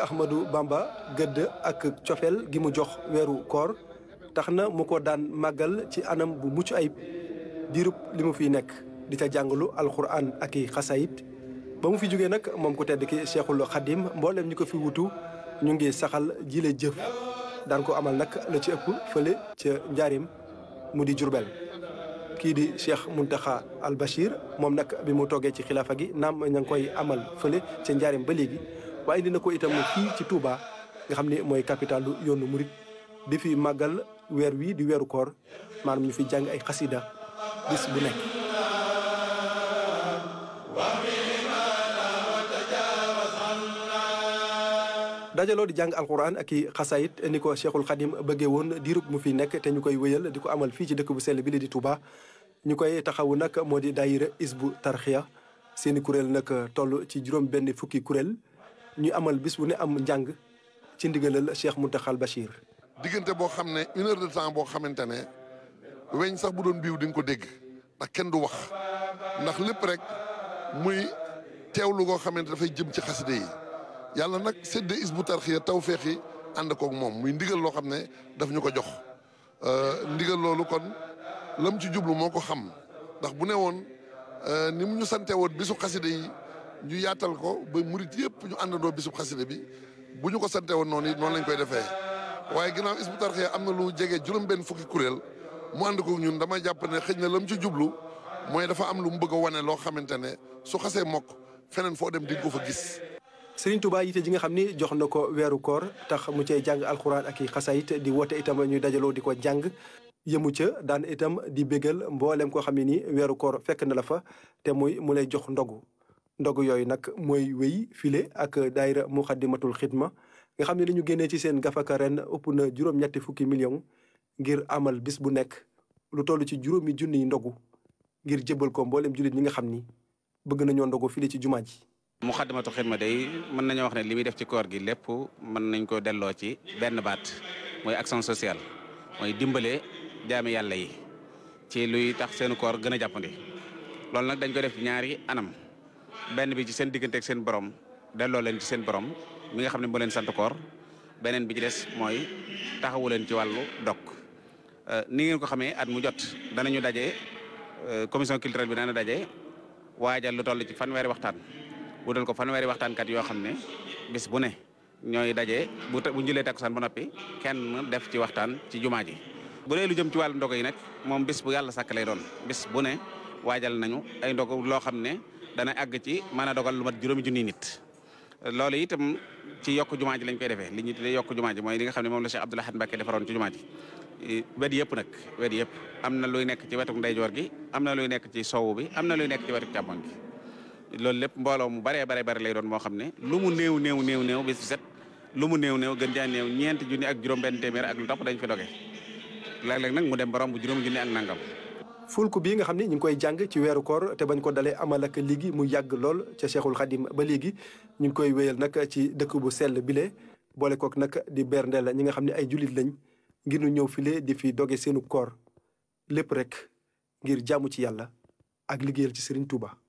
Ahmadou Bamba gëdd ak cofeel gi mu jox weeru koor tax na mu ko daan màggal ci anam bu mucc ayib diirub li mu fi nekk di ca jàngalu alxuraan ak i ba mu fi jógee nag moom ku tedd ki Cheikhul Khadim mboolem ñi ko fi wutu ñu ngi saxal jile jëf daan ko amal nag la ci ëpp fële ca njaarim mu di Jurbel kii di Cheikh Mountakha Al Bachir moom nag bi mu toggee ci xilaafa gi naam ña koy amal fële ca njaarim ba léegi waaye indi na ko itam fii ci Touba nga xam ne mooy capital lu yoonu murit di fi màggal weer wi di weeru koor mu ñu fi jàng ay xasida bis bu nekk dajaloo di jàng alquran ak i xasayit ni ko cheikhul xadim bëggee woon diirub mu fi nekk te ñu koy wéyal di ko amal fii ci dëkk bu sell bi li di Touba ñu koy taxawu nag moo di daayira bu tarxiya seeni kuréel nag toll ci juróom benn fukki kuréel ñu amal bés bu ne am njàng ci ndigalal Cheikh Mountakhal Bachir. diggante boo xam ne une heure de temps boo xamante ne weñ sax bu doon biiw di ko dégg ndax kenn du wax ndax lépp rek muy teewlu goo xamante dafay jëm ci xaside yi yàlla nag sédde Hizbut Tarqiyyah tawféex yi ànd koog moom muy ndigal loo xam ne daf ñu ko jox euh, ndigal loolu kon lam ci jublu moo ko xam ndax bu ne woon euh, ni mu ñu sante woon bisu xaside yi ñu yaatal ko ba murit yëpp ñu àndandoo bisub xasida bi bu ñu ko sante woon noonu it noonu lañ koy defee waaye ginnaaw Hizbut Tarqiyyah am na lu jege juróom-benn fukki kuréel mu ànd ko ñun dama jàpp ne xëj na la mu ci jublu mooy dafa am lu mu bëgg a wane loo xamante ne su xasee mokk feneen foo dem di nga ko fa gis. Sëriñ ji nga xam ni jox na ko weeru koor tax mu cay jàng alxuraan ak i xasayit di woote itam ñuy dajaloo di ko jàng. yëmu ca daan itam di bégal mbooleem koo xam ne nii weeru koor fekk na la fa te muy mu lay jox ndogu ndogu yooyu nag mooy wéy file ak daayira muxaddimatul xidma nga xam ne li génnee ci seen gafaka ren ëpp na juróom-ñetti fukki million ngir amal bis bu nekk lu toll ci juróomi junniy ndogu ngir jëbal ko mboolem jullit ñi nga xam ni bëgg nañoo ndogu file ci jumaa ji muxaddamatu xidma day mën nañoo wax ne li muy def ci koor gi lépp mën nañ ko delloo ci benn baat mooy action sociale mooy dimbale jaami yàlla yi ci luy tax seen koor gën a jàppandi loolu nag dañ ko def ñaari anam benn bi ci seen diggante ak seen borom delloo leen ci seen borom mi nga xam ne moo leen sant beneen bi ci des mooy taxawu leen ci wàllu dog euh, ni ngeen ko xamee at mu jot danañu daje euh, commission culturelle bi dana daje waajal lu toll ci fanweeri waxtaan wutal ko fanweeri waxtaankat yoo xam ne bis bu ne ñooy daje bu bu njëlee takkusaan ba noppi kenn def ci waxtaan ci jumaa ji. bu dee lu jëm ci wàllu ndogo yi nag moom bis bu yàlla sàkk lay doon bis bu ne waajal nañu ay ndogo loo xam ne. dana àgg ci mën a dogal lu mat juróomi junniy nit loolu itam ci yokk jumaa ji lañ koy defee li ñuy tuddee yokk jumaa mooy li xam ne moom la Cheikh Abdoul Ahad Mbacké defaroon ci jumaa ji yëpp nag wet yëpp am na luy nekk ci wetuk ndeyjoor gi am na luy nekk ci sowu bi am na luy nekk ci wetuk càmmoñ gi loolu lépp mbooloo mu baree bare bare lay doon moo xam ne lu mu néew néew néew néew bis bu set lu mu néew néew gën jaa néew ñeenti ak juróom benn téeméer ak lu topp dañ fi doge léeg-léeg nag mu dem borom bu juróom junni ak nangam fulku bii nga xam ne ñu ngi koy jàng ci weeru koor te bañ ko dalee amal ak léegi mu yàgg lool ca Cheikhul Khadim ba léegi ñu ngi koy wéyal nag ci dëkk bu sell bile boole kook nag di berndeel ñi nga xam ne ay jullit lañ ngir ñu ñëw file di fi doge seenu koor lépp rek ngir jàmm ci yàlla ak liggéeyal ci Serigne Touba.